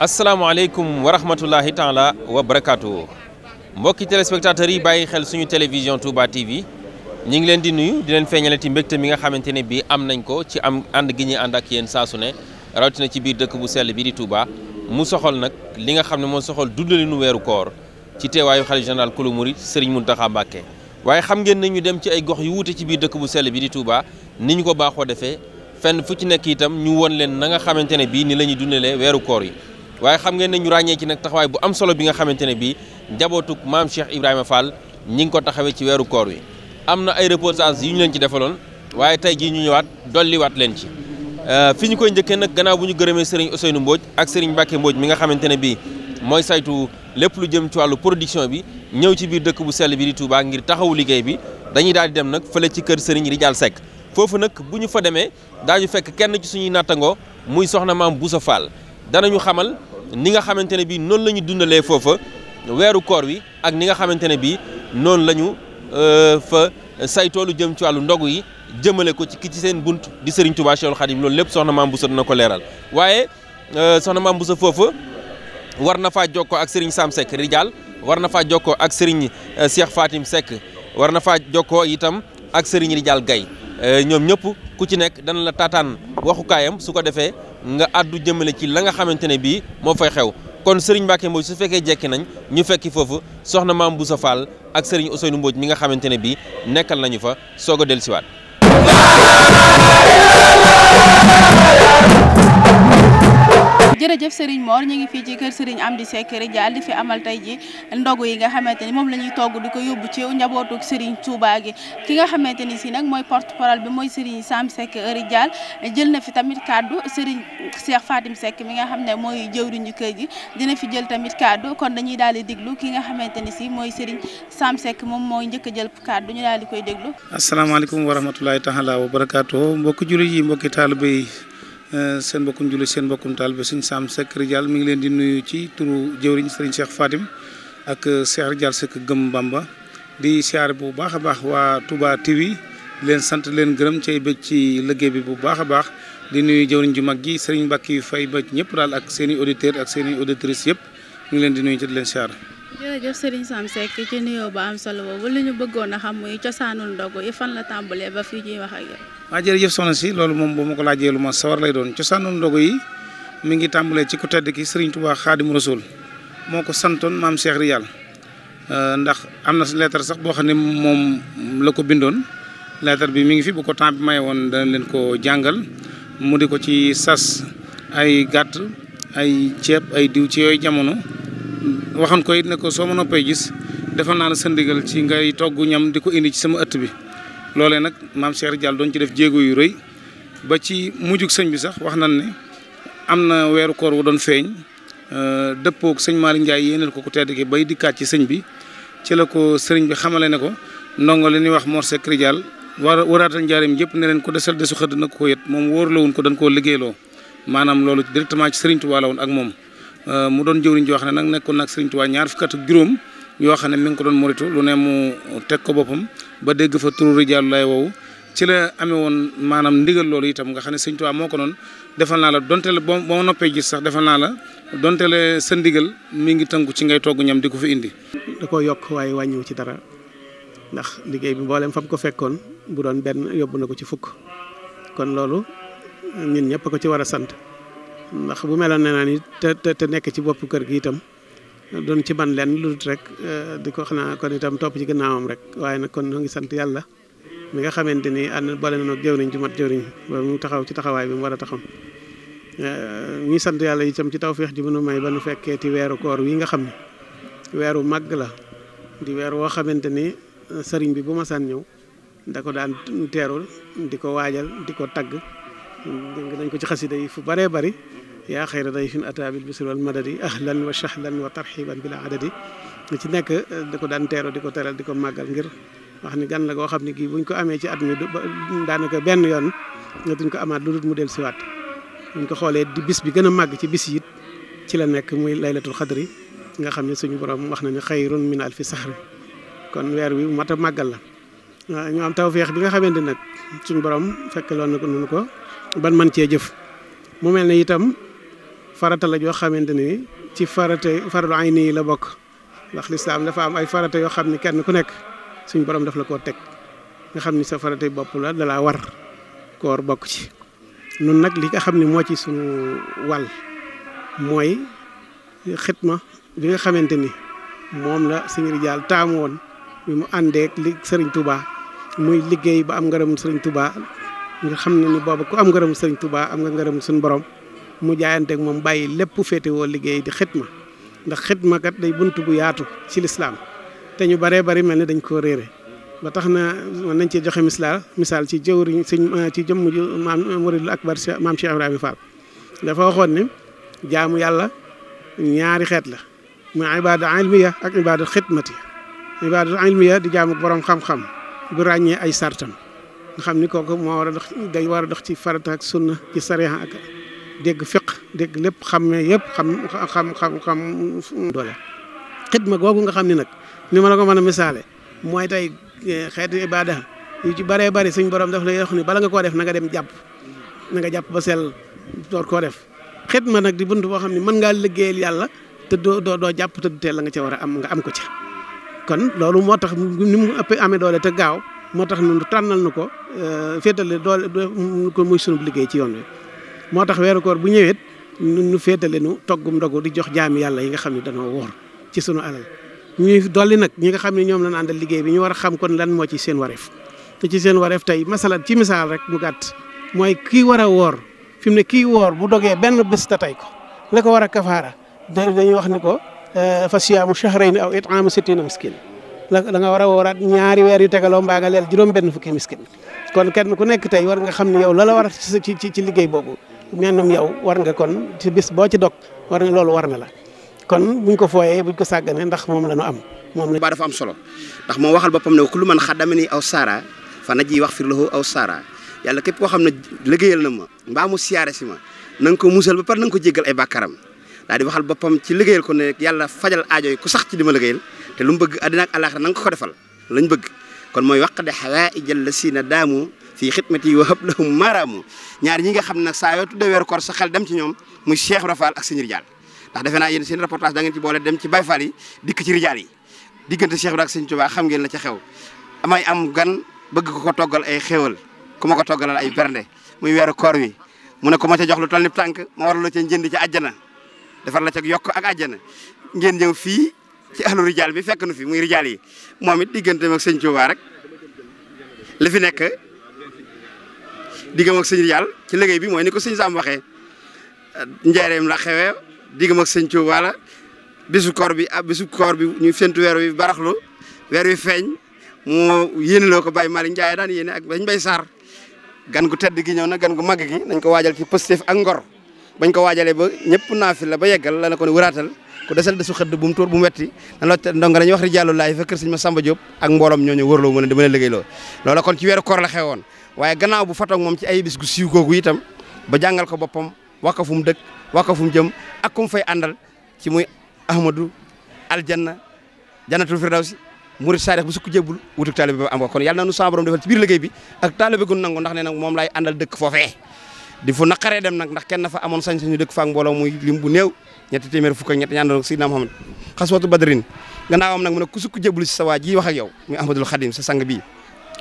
asalaamaaleykum wa rahmatullahi taala wa barakaatu mbokki téléspectateurs yi bàyyi xel suñu télévision Touba TV ñi ngi leen di nuyu di leen feeñale ci mbégte mi nga xamante ne bii am nañ ko ci am ànd gi ñuy ànd ak yéen saasu ne rawatina ci biir dëkk bu sell bi di Touba mu soxal nag li nga xam ne moo soxal dundalinu weeru koor ci teewaayu xalif général kulu sëriñ Serigne Mountakha Mbacké waaye xam ngeen ne ñu dem ci ay gox yu wuute ci biir dëkk bu sell bi di Touba ni ñu ko baaxoo defee fenn fu ci nekk itam ñu won leen na nga xamante ne bii ni la ñuy dundalee weeru koor yi waaye xam ngeen ne ñu ràññee ci nag taxawaay bu am solo bi nga xamante ne bii njabootug maam Cheikh Ibrahima Fall ñi ngi ko taxawee ci weeru koor wi am na ay reportage yu ñu leen ci defaloon waaye tey jii ñu ñëwaat dolliwaat leen ci euh, fi ñu koy njëkkee nag gannaaw bu ñu gërëmee Serigne Ousseynou Mbodj ak sëriñ Mbacke Mbodj mi nga xamante ne bii mooy saytu lépp lu jëm ci wàllu production bi ñëw ci biir dëkk bu sell bi di Touba ngir taxawu liggéey bi dañuy daal di dem nag fële ci kër Serigne Rijal Seck foofu nag bu ñu fa demee daaju fekk kenn ci suñuy nattangoo muy soxna maam Boussa Fall dana ñu xamal ni nga xamante ne bii noonu la ñu dundalee foofa weeru koor wi ak ni nga xamante ne bii noonu la ñu euh, fa saytoo lu jëm ci wàllu ndogu yi jëmale ko ci ki ci seen bunt di Serigne Touba Cheikhul Khadim loolu lépp soxna Mame Bousso dina ko leeral waaye euh, soxna Mame Bousso foofa war na faa jokkoo ak Serigne Sam Seck Rijal war na faa jokkoo ak Serigne euh, Cheikh faatim Seck war na faa jokkoo itam ak Serigne Rijal Gaye ñoom ñëpp. ku ci nekk dana la taataan waxukaayam su ko defee nga àddu jëmale ci la nga xamante ne bii moo fay xew kon Serigne Mbacke Mbodj su fekkee jekki nañ ñu fekki foofu soxna maam Boussa Fall ak Serigne Ousseynou Mbodj mi nga xamante ne bii nekkal nañu fa soog a siwaat jërëjëf Serigne Mor ñu ngi fii ci kër Serigne Amdy Seck Ridial di fi amal tey ji ndogu yi nga xamante ni moom la ñuy togg di ko yóbbu ci njabootu Serigne Touba gi ki nga xamante ni si nag mooy porte parole bi mooy Serigne Sam Seck Ridial jël na fi tamit kaddu Serigne Cheikh Fatim Seck mi nga xam ne mooy jëwriñu kër gi dina fi jël tamit kaddu kon dañuy daal di déglu ki nga xamante ni si mooy Serigne Sam Seck moom mooy njëkk a jël kaddu ñu daal di koy déglu. asalaamaaleykum wa rahmatulahi taala wa barakaatu mbokki jullit yi mbokki taalibe yi Euh, seen mbokkum julli seen mbokkum taalibe sëñ Sam Seck Ridial mi ngi leen di nuyu ci turu jëwriñ sëriñ Cheikh Fatim ak Cheikh Ridial Seck Gëm Bamba di siyaare bu baax a baax waa Touba TV leen sant leen gërëm cay bëgg ci liggéey bi bu baax a baax di nuyu jëwriñ ju mag yi sëriñ Mbàkke yu fay bëgg ñëpp daal ak seen i auditeurs ak seen i auditrices yëpp ñu ngi leen di nuyu jël leen siyaare jërëjëf sëriñ Sam Seck ci nuyo ba am solo boobu li ñu bëggoon a xam muy cosaanul ndogu yi fan la tàmbalee ba fii ñuy wax ak yow. waaw jërëjëf soxna si loolu moom bu ma ko laajee lu ma sawar lay doon cosaanul ndogu yi mi ngi tàmbalee ci ku tedd ki sëriñ tuba Khadim Rasoul moo ko santoon maam Cheikh Riyal euh, ndax am na lettre sax boo xam ne moom la ko bindoon lettre bi mi ngi fi bu ko temps bi maye woon leen ko jàngal mu di ko ci sas ay gàtt ay ceeb ay diw ci yooyu jamono. waxan ko it ne ko soo ma noppee gis defal naa la sa ndigal ci ngay togg ñam di ko indi ci sama ëtt bi loolee nag maam Cheikh Diallo doon ci def jéego yu rëy ba ci mujjug sëñ bi sax wax nan ne am na weeru koor wu doon feeñ euh, dëppoog sëñ Malick Ndiaye yéenal ko ku tedd ki bay dikkaat ci sëñ bi ci la ko sëriñ bi xamale ne ko ndongo li ñuy wax Mor Seck Ridial war waraatal njaareem yëpp ne leen ko desal desu xëdd na ko yët moom wóor la woon ko dañ koo liggéeyloo maanaam loolu directement ci sëriñ Tuubaa woon ak moom Euh, mu doon jëwriñ joo xam ne nag nekkoon nag Sëriñ Tuubaa ñaar fukki at juróom yoo xam ne mi ko doon moritu lu ne mu teg ko boppam ba dégg fa turu rijaalu lay woowu ci la amee woon maanaam ndigal loolu itam nga xam ne Sëriñ Tuubaa moo ko noon defal naa la donte la boo boo noppee gis sax defal naa la donte la sa ndigal mi ngi tënku ci ngay togg ñam di ko fi indi. da koo yokk waaye wàññiwu ci dara ndax liggéey bi mboolem fam ko fekkoon bu doon benn yóbbu na ko ci fukk kon loolu ñun ñëpp ko ci war a sant. ndax bu meloon ne naa ni te te nekk ci bopp kër gi itam doon ci ban leen lu dul rek eh, di ko xanaa kon itam topp ci am rek waaye nag kon ñoo ngi sant yàlla mi nga xamante ni ànd boole na nag jëwriñ ju mat jëwriñ ba mu taxaw ci taxawaay bi mu a taxaw eh, ñi sant yàlla itam ci tawféex ji mënu may ba nu fekkee ti weeru koor wi nga xam ne weeru màgg la di weer woo xamante ni eh, sëriñ bi bu ma saan ñëw da ko daan teerul di ko waajal di ko tagg ويقولون كوجي خسي داي فو باري باري يا خير داي فين اتا بيل بسر والمددي اهلا وسهلا وترحيبا بلا عددي ني تي نيك ديكو دان تيرو ديكو تيرال ديكو ماغال غير واخني غان لا غو خامني كي بو نكو امي تي ادمي دانكا بن يون نتو نكو امات لودو موديل سيوات نكو خولي دي بيس بي غنا ماغ تي بيس ييت تي لا نيك موي ليله القدر nga xamne suñu ban man cee jëf mu mel ne itam farata la joo xamante ni ci farata fardu nii la bokk ndax lislaam dafa am ay farata yoo xam ni kenn ku nekk suñ borom daf la koo teg nga xam ni sa faratay bopp la dalaa war koor bokk ci nun nag li nga xam ne moo ci suñu wàll mooy xitma li nga xamante ni moom la suñu rijaal taamu woon bi mu àndeek li sëriñ tubaa muy liggéey ba am ngërëm sëriñ Touba nga xam ne ni booba ku am ngërëm sëriñ am nga ngërëm suñ borom mu jaayanteeg moom bàyyi lépp féetewoo liggéey di xitma ndax xitma kat day bunt bu yaatu ci lislaam te ñu baree bari mel ni dañ koo réere ba tax na mën nañ cee joxe misaal misaal ci jëwriñ sëñ ci jëm ju maam Muridul Akbar maam Cheikh Ibrahima Fall dafa waxoon ne jaamu yàlla ñaari xeet la ma muy ibaada ilmiya ak ibaada xidmati ibaada ilmiya di jaamu borom xam-xam bu ràññee ay sartam nga xam ni kooku moo war a dox day war a dox ci farata ak sunna ci sariya ak dégg fiq dégg lépp xam ne yëpp xam xam xam xam doole ma googu nga xam ne nag ni ma la ko mën a misaale mooy tey eh, xeetu ibaada yu ci bëree bëri suñ borom daf lay wax ni bala nga koo def na nga dem jàpp na nga jàpp ba sell door koo def ma nag di bunt boo xam ne mën ngaa liggéeyal yàlla te doo doo doo jàpp te du teel la nga ca war a am nga am ko ci kon loolu moo tax ni mu ëpp amee doole te gaaw motax tax ñun tànnal nu ko féetale doole ko muy sunu liggéey ci yoon wi motax wéru koor bu ñëwee ñu fétalé nu toggum ndogu di jox jaami yàlla yi nga xamni ne danoo woor ci sunu alal ñu doli nak ñi nga xamni ñom ñoom lañ àndal liggéey bi ñu wara xam kon lan mo ci seen waref te ci seen waref tay masalan ci misal rek mu gàtt moy ki wara wor woor fi mu ne kii woor bu doggé ben bés ta tay ko lako wara kafara dañu wax ni ko fa siyaamu shahrayni aw it'amu sittiina miskin da nga wara nyari ñaari wër yu tegaloo mbaa nga juróom benn fukki miskin kon kenn ku nekk tey war nga xam ne yow la la war ci ci ci liggéey boobu yow war nga kon ci bis boo ci dog war nga loolu war na la kon buñ ko fooyee buñ ko sàggane ndax moom la ñu am moom la ba dafa am solo ndax moom waxal boppam ne ku lu man xaddama ni aw saara fa na ji wax fi lahu aw saara yàlla képp koo xam ne liggéeyal na ma mbaa mu siyaare si ma na ko musal ba par na nga ko jéggal ay bàkkaram daal di waxal boppam ci liggéeyal ko ne yàlla fajal aajo yi ku sax ci liggéeyal te lu bëgg adina ak àllaaxira nang ko defal lañ bëgg kon moy waqde hawaijal lasina damu fi khidmati wa hab lahum maraamu ñaar ñi nga xam nak sa yoo de weeru kor sa xel dem ci ñom muy Cheikh rafal ak seigneur dial ndax defena yeen seen reportage da ngeen ci boole dem ci Baye yi ci rijal yi diggante Cheikh rafal ak seigneur Tuubaa xam ngeen la ci xew amay am gan bëgg ko ko togal ay xewal kuma ko ay bernde muy weeru kor wi mu ne ko ma ca jox lu tolni ni ma war lu ca jënd ci aljana defal la yok ak aljana ngeen ñew fi ci ahlu rijaal bi fekk nu fi muy rijaal yi moom it digganteem ak sëñ Tuubaa rek li fi nekk diggam ak sëñ rijaal ci liggéey bi mooy ni ko sëñ Sam waxe njaareem la xewee diggam ak sëñ Tuubaa la bisu koor bi ah bisu koor bi ñu fentu weer wi baraxlu weer wi feeñ moo yéene loo ko Baye Malick Ndiaye daan yéene ak bañ bay Sarr gan gu tedd gi ñëw na gan gu mag gi nañ ko waajal ci pësteef ak ngor bañ ko waajalee ba ñëpp naa fi la ba yeggal la na ko ne wëraatal ku desal desu xëdd bu mu tuur bu mu wetti na loo ndonga dañuy wax rijaalu laay fa kër sëñ ma Samba Diop ak mbooloom ñooñu wërloo mën a dama leen liggéey loo loola kon ci weeru koor la xewoon waaye gannaaw bu fatoog moom ci ay bis gu siiw googu itam ba jàngal ko boppam wax ko fu mu dëkk wax ko fu mu jëm ak ku mu fay àndal ci muy ahmadou aljanna jannatul firdawsi murid saadix bu sukk jébbul wutuk taalibe ba am ko kon yàlla na nu sa borom defal ci biir liggéey bi ak taalibe gu nangu ndax nee nag moom laay àndal dëkk foofee di fu nakare dem nak ndax kenn fa amon sañ-sañu dëkk faak mbolo muy lim bu néew ñetti téeméer fukk ak ñett ñaan doon Seydina Muhammad badrin gannaawam nak mu ne ku sukk jébbalu si sa waa wax ak yow muy Ahmadul khadim sa sang bi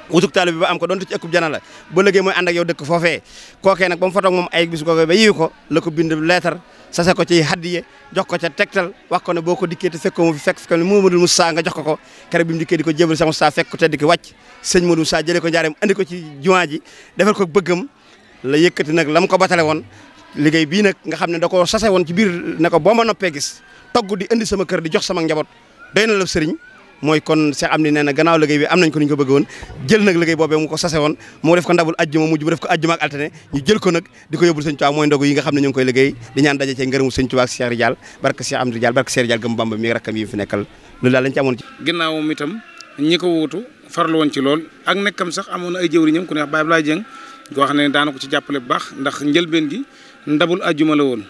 wutuk talib ba am ko donte ci ekup janala la ba lëggee mooy ànd ak yow dekk fofé kookee nag ba mu fa toog moom ay bis gogé ba yiw ko la ko bind leetar sase ko ci hadiye jox ko ci tektal wax ko ne boko ko te fi fekk fekkal Muhamadul musa nga jox ko ko keroog bi mu dikkee di sa musa fekk ko te ko wàcc Modou sa jëlee ko njaareem andi ko ci jumaa ji defal ko bëggam la yëkkati nag la mu ko batale woon liggéey bii nag nga xam ne da ko woon ci biir ne ko boo ma noppee gis togg di indi sama kër di jox sama njaboot doy na la sëriñ mooy kon Cheikh Amdi am moo def ko ndabul ajjuma mujj bu def ko ajjuma ak altine ñu jël ko nag di ko yóbbul ne ñu ngi ko woon ci lool ak nekkam sax amoon na ay jëwriñam ku neex Baye Abdoulaye Dieng goo xam ne daana ko ci jàppale bu baax ndax njëlbeen gi ndabul ajjuma la woon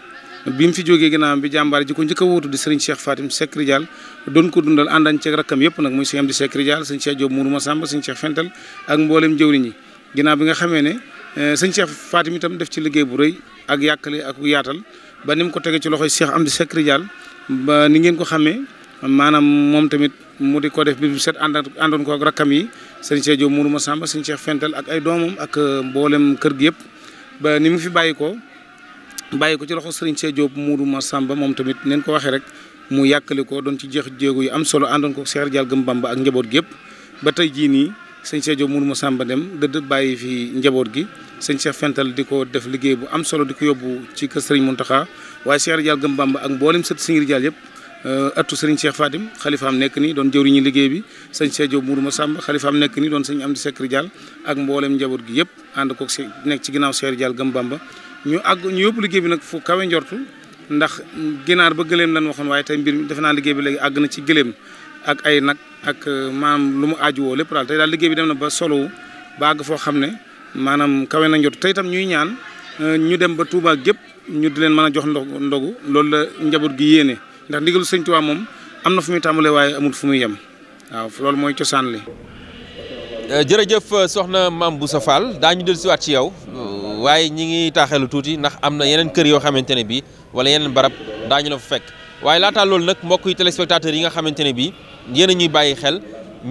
bi mu fi jógee ginnaaw bi jàmbaar ji ko njëkk a wóotu di sëriñ Cheikh Fatim Seck Ridial doon ko dundal àndañ ceeg rakkam yëpp nag mooy sëriñ di Seck Ridial sëriñ Cheikh Diop Mourou Massamba sëriñ Cheikh Fental ak mboolem jëwriñ yi ginnaaw bi nga xamee ne eh, sëriñ Cheikh Fatim itam def ci liggéey bu rëy ak yàkkale ak yaatal ba ni mu ko tege ci loxoy Cheikh Amdi Seck Ridial ba ni ngeen ko xamee maanaam moom tamit mu di ko def bi bu set ànd àndoon ko ak rakkam yi sëñ Cheikh Diop Mourou Massamba sëñ Cheikh Fental ak ay doomam ak euh, mboolem kër gi yëpp ba ni mu fi bàyyi ko ko ci loxo sëriñ Cheikh Diop Mourou Massamba moom tamit neen ko waxee rek mu yàkkali ko doon ci jeex jéego yi am solo àndoon ko Cheikh Dial Gëm Bamba ak njaboot gi yëpp ba tey jii nii sëñ Cheikh Diop Mourou dem dëdd bàyyi fi njaboot gi sëñ Cheikh Fental di ko def liggéey bu am solo di ko yóbbu ci kër sëriñ Mountakha waaye Cheikh Dial Gëm Bamba ak mboolem sët sëriñ Dial yëpp attu euh, sëriñ Cheikh Fatim xalifaam nekk ni doon jëwriñu liggéey bi sëñ Cheikh Diop Mourou Massamba xalifaam nekk ni doon sëñ Amdi Sekri Diall ak mboolem njaboot gi yëpp ànd ko nekk ci ginnaaw Cheikh Diall gëm Bamba ñu àgg ñu yóbbu bi nag fu kawe njortu ndax ginaar ba gëléem lan waxoon waaye tey mbir mi defe naa bi léegi àgg na ci gëléem ak ay nag ak euh, maanaam lu mu aaju woo lépp daal tey liggéey bi dem na ba solowu ba foo xam ne maanaam kawe na njortu tey itam ñuy ñaan euh, ñu dem ba Touba gépp ñu di leen mën a jox ndogu loolu la njaboot gi yéene ndax ndigalu sëñ Tuubaa moom am na fu muy tàmbalee waaye amul fu muy yem waaw loolu mooy cosaan li. Euh, jërëjëf soxna maam Boussa Fall daañu dellusiwaat ci yow waaye ñi ngi taaxeelu tuuti ndax am na yeneen kër yoo xamante ne bii wala yeneen barab daañu la fa fekk waaye laataa loolu nag mbokk yi téléspectateurs yi nga xamante ne bii yéen a ñuy bàyyi xel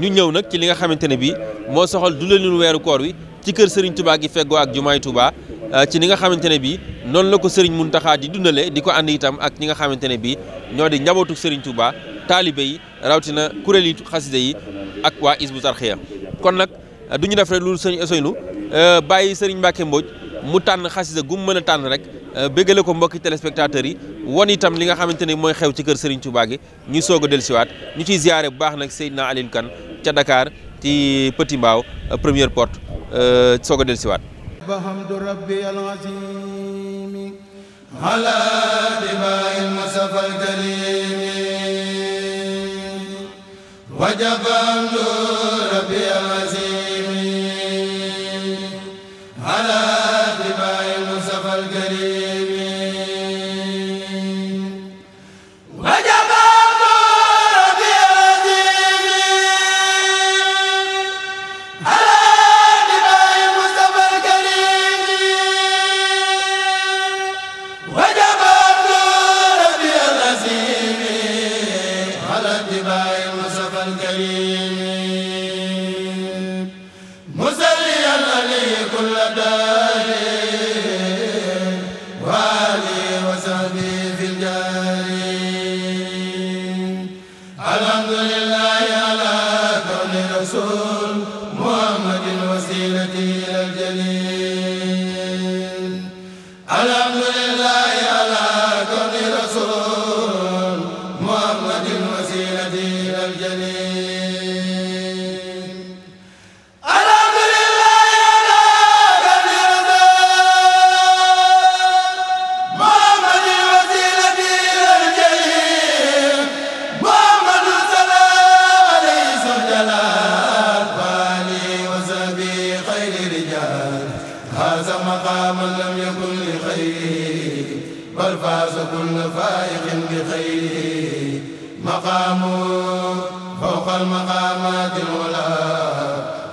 ñu ñëw nag ci li nga xamante ne bii moo soxal dundalinu weeru koor wi. ci kër Serigne Touba gi feggoo ak jumaay Touba euh, ci ni nga xamante ne bii noonu la ko Serigne Mountakha di dundale di ko ànd itam ak ñi nga xamante ne bii ñoo di njabootu Serigne Touba taalibe yi rawatina kuréel yi xaside yi ak waa Hizbut Tarqiyyah kon nag euh, du ñu def rek loolu sëñ Ousseynou euh, bàyyi Serigne Mbacke Mbodj mu tànn xasida gu mu mën a tànn rek béggale ko mbokki téléspectateurs yi won itam li nga xamante ne mooy xew ci kër Serigne Touba gi ñu soog a dellusiwaat ñu ci ziare bu baax nag Seydina Alioune Kane ca Dakar. ci Petit Mbao euh, première porte euh, soog a dellusiwaat al-azimi ala dibail masafal kalimi من لم يكن لخيره بل فاز كل فائق بخيره مقام فوق المقامات العلا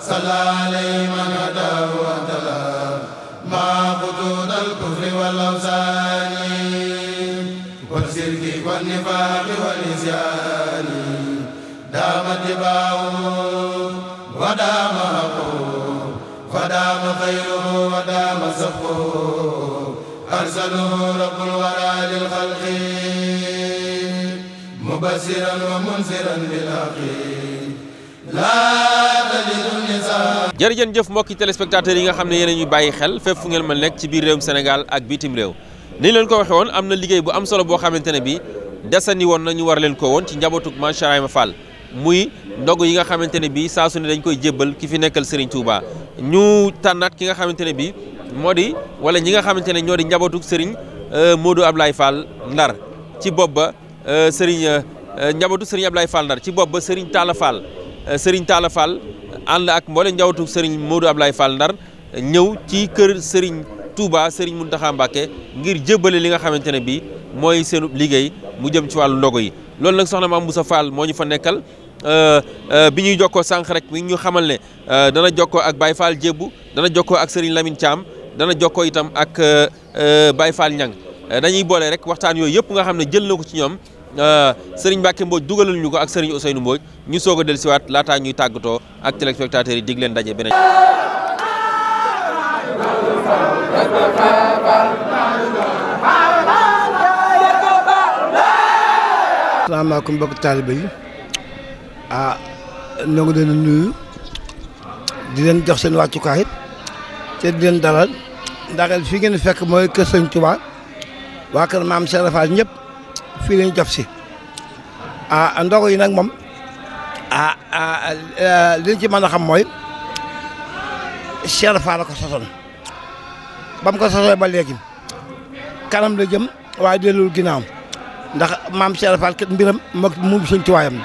صلى عليه من هداه وتلا مع خطوط الكفر والاوثان والشرك والنفاق والنسيان دام اتباعه ودام رزقوا أرسلوا رب الورى للخلق مبشرا ومنذرا بالحق jërëjëf jëf mbokki téléspectateurs yi nga xam ne yéen bàyyi xel fépp ngeen mën nekk ci biir réewum Sénégal ak bitim réew ni leen ko waxee woon am liggéey bu am solo boo xamante ne bi desani woon nañu war leen ko ci Fall muy ndog yi nga xamante ne bii saa su ne dañ koy jébbal ki fi nekkal Serigne Touba ñu tànnaat ki nga xamante ne bii moo di wala ñi nga xamante ne ñoo di njabootu Serigne euh, Modou Ablaye Fall Ndar ci bopp ba euh, Serigne euh, njabootu Serigne Ablaye Fall Ndar ci bopp ba Serigne Talla Fall Serigne Talla Fall ànd ak mboolem njabootu Serigne Modou Ablaye Fall Ndar ñëw ci kër Serigne Touba Serigne Mountakha Mbacké ngir jébbale li nga xamante ne bii mooy seenu liggéey mu jëm ci wàllu ndogo yi loolu nag soxna Mame Moussa Fall moo ñu fa nekkal. Euh, euh, bi ñuy jokkoo sànq rek mi ñu xamal ne euh, dana jokkoo ak Baye Fall Jébbu dana jokkoo ak Serigne Lamine Thiam dana jokkoo itam ak Baye Fall Ñang dañuy boole rek waxtaan yooyu yëpp nga xam ne jël na ko ci ñoom sëriñ Mbacke Mbodj dugalal ñu ko ak Serigne Ousseynou Mbodj ñu soog a dellusiwaat laataa ñuy tàggatoo ak téléspectateurs yi dig leen daje beneen. asalaamaaleykum mbokk taaliba yi ah ñoo ngi nuyu di leen jox seen wàccukaay te di leen dalal ndax fi ngeen fekk mooy kër sëñ Touba waa kër maam Cheikh Rafal ñëpp fii lañ jof si ah ndogo yi nag moom a ah, ah li a xam mooy Cheikh Rafal ko sosoon ba ko sosoo ba léegi kanam la jëm waaye dellul ginnaaw ndax maam Cheikh Rafal kat mbiram moom sëñ Tuwaayam.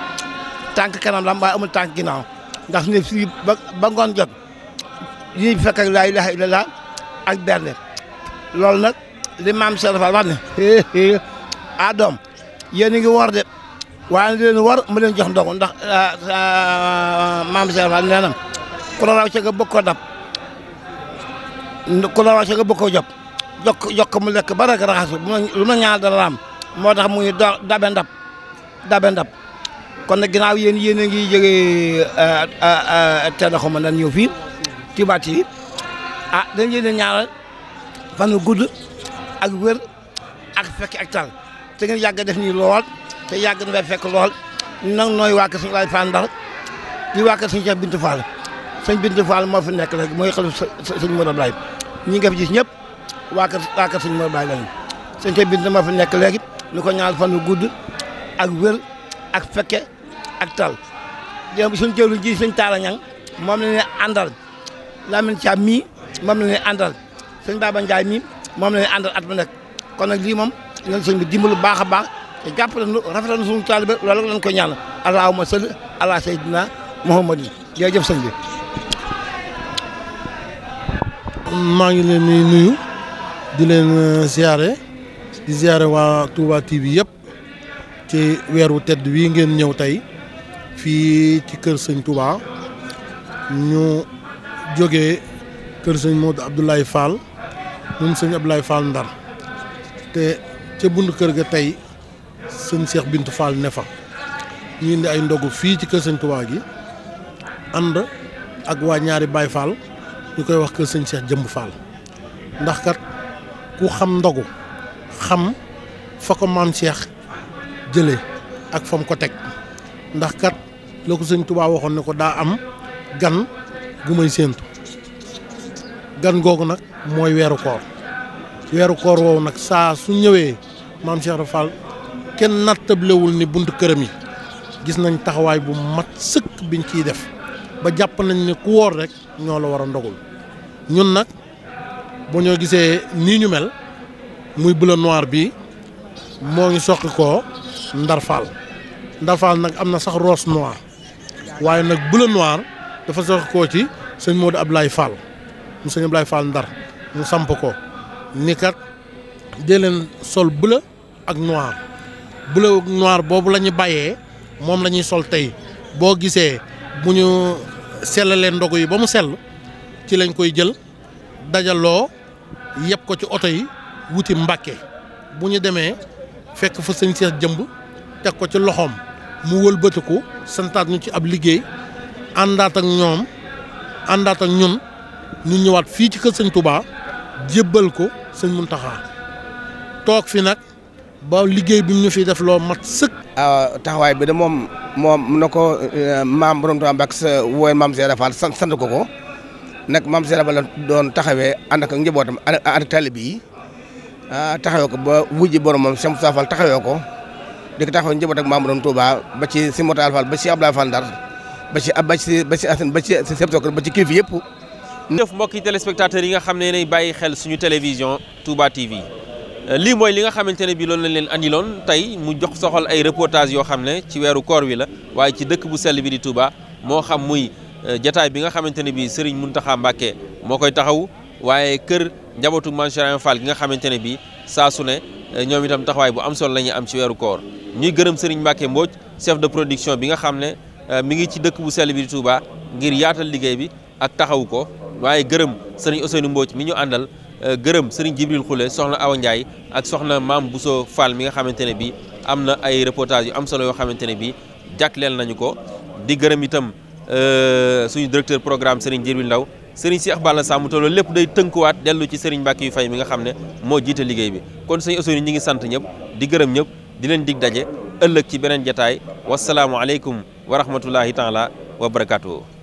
tànk kanam la am waaye amul tànk ginnaaw ndax su ne fii ba ba jot yi fekk laa ilaaha illallah ak berne loolu nag li maam Cheikh Fall wax ne ah doom yéen ngi woor de waaye di leen war mu leen jox ndogu ndax ah, maam Cheikh Fall nee na ku la dab ku la raw ca jokk jokk mu lekk ba rek raxasu lu ma ñaar dara am moo tax muy dabe ndab dabe ndab kon nag ginnaaw yéen yéen a ngi jógee teel a xaw ñëw fii Touba TV ah dañ leen a ñaanal fan gudd ak wér ak fekk ak tal te ngeen yàgg def nii lool te yàgg na fekk lool nag nooy waa kër suñu laaj di waa kër suñu Cheikh Bintou Fall sëñ Bintou Fall moo fi nekk rek mooy xelu sëñ Modou Ablaye ñi nga fi gis ñëpp waa kër waa kër sëñ Modou Ablaye lañu sëñ nekk léegi ñu ko ñaanal fan gudd ak wér. ak fekke ak tal ñoom suñu jëwriñ ji suñ taala ñang moom la ñuy àndal Lamine Thiam mii moom la ñuy àndal suñ Baba Ndiaye mii moom la ñuy àndal at bu nekk kon nag lii moom ñoom suñ bi dimbalu baax a baax te jàppale nu rafetal suñu taalibe loolu lañ ko ñaanal allahumma salli ala sayyidina muhammad yi jërëjëf sëñ bi maa ngi leen di nuyu di leen siyaare uh, di siyaare waa Touba TV yëpp ci wéru tedd wi ngeen ñëw tey fii ci kër sëñ Touba ñu jógee kër sëñ Modou Abdoulaye Fall moom sëñ Abdoulaye Fall Ndar te ca bund kër ga tey sëñ Cheikh Bintou Fall nefa ñu indi ay ndogu fii ci kër sëñ Touba gi ànd ak waa ñaari Baye Fall ñu koy wax kër sëñ Cheikh Jëmb Fall ndax kat ku xam ndogu xam fa ko maam Cheikh jele ak fam ko tek ndax kat loko seigne touba waxon ne ko da am gan gu may gan googu nak moy wéru koor wéru koor wo nak sa su ñëwé mam Cheikh rafal ken kenn ni buntu kërëm yi gis nañ taxaway bu mat sëkk biñ ci def ba japp nañ ni ku wor rek ñoo wara ndogul ñun nak bu ñoo gisé ni ñu mel muy bleu noir bi mo ngi sokko ndarfaal ndarfaal nag am na sax rose noir waaye nag bula noir dafa sox ko ci sëñ Modou Abdoulaye Fall mu sëñ Abdoulaye Fall ndar mu samp ko ni kat dee leen sol bleu ak noir bleu ak noir boobu la ñu bàyyee moom la ñuy sol tey boo gisee bu ñu sellalee ndogu yi ba mu sell ci lañ koy jël dajaloo yëpp ko ci oto yi wuti mbàkke bu ñu demee fekk fa sëñ Seex jëmb teg ko ci loxoom mu wëlbatiku santaat ñu ci ab liggéey àndaat ak ñoom àndaat ak ñun ñu ñëwaat fii ci kër sëñ Touba jébbal ko sëñ Muntaxa toog fi nag ba liggéey bi ñu fi def loo mat sëkk. Ah, taxawaay bi de moom moom na ko eh, maam borom Touba Mbàkke sa woowee maam Seera Fall sant ko ko nekk maam Seera Fall la doon taxawee ànd ak njabootam ànd ak taalibe Ah, taxawee ko ba wujji boromam Cheikh Moustapha Fall taxawee ko di ko taxaw njaboot ak Mamadou Touba ba ci si Motal Fall ba ci Abdoulaye Fall Ndar ba ci ba ci ba ci Assane ba ci Septokor ba ci kilifa yëpp. jëf mbokki téléspectateurs yi nga xam ne nay bàyyi xel suñu télévision Touba TV euh, lii mooy li nga xamante ne bi loolu lañ leen andiloon tey mu jox soxol ay reportage yoo xam ne ci weeru koor wi la waaye ci dëkk bu sell bi di Touba moo xam muy euh, jataay bi nga xamante ne bi Serigne Mountakha Mbacké moo koy taxaw waaye kër njabootu Mame Cheikh Fall gi nga xamante ne bii saa su ne eh, ñoom itam taxawaay bu am solo la ñuy am ci weeru koor ñuy gërëm Serigne Mbacke Mbodj chef de production bi nga xam ne eh, mi ngi ci dëkk bu sell bi di Touba ngir yaatal liggéey bi ak taxawu ko waaye gërëm Serigne Ousseynou Mbodj mi ñu àndal eh, gërëm Serigne Jibril Khoule soxla Awa Ndiaye ak soxna bu Bousso Fall mi nga xamante ne bii am na ay reportage yu am solo yoo xamante ne bii jàkkleel nañu ko di gërëm itam suñu directeur programme Serigne Jibril Ndaw sëriñ Cheikh Balla Samb te loolu lépp day tënkuwaat dellu ci sëriñ yu fay mi nga xam ne moo jiite liggéey bi kon sëñ Ousseynou ñi ngi sant ñëpp di gërëm ñëpp di leen dig daje ëllëg ci beneen jataay wasalaamualeykum wa rahmatullahi taala wa barakaatu.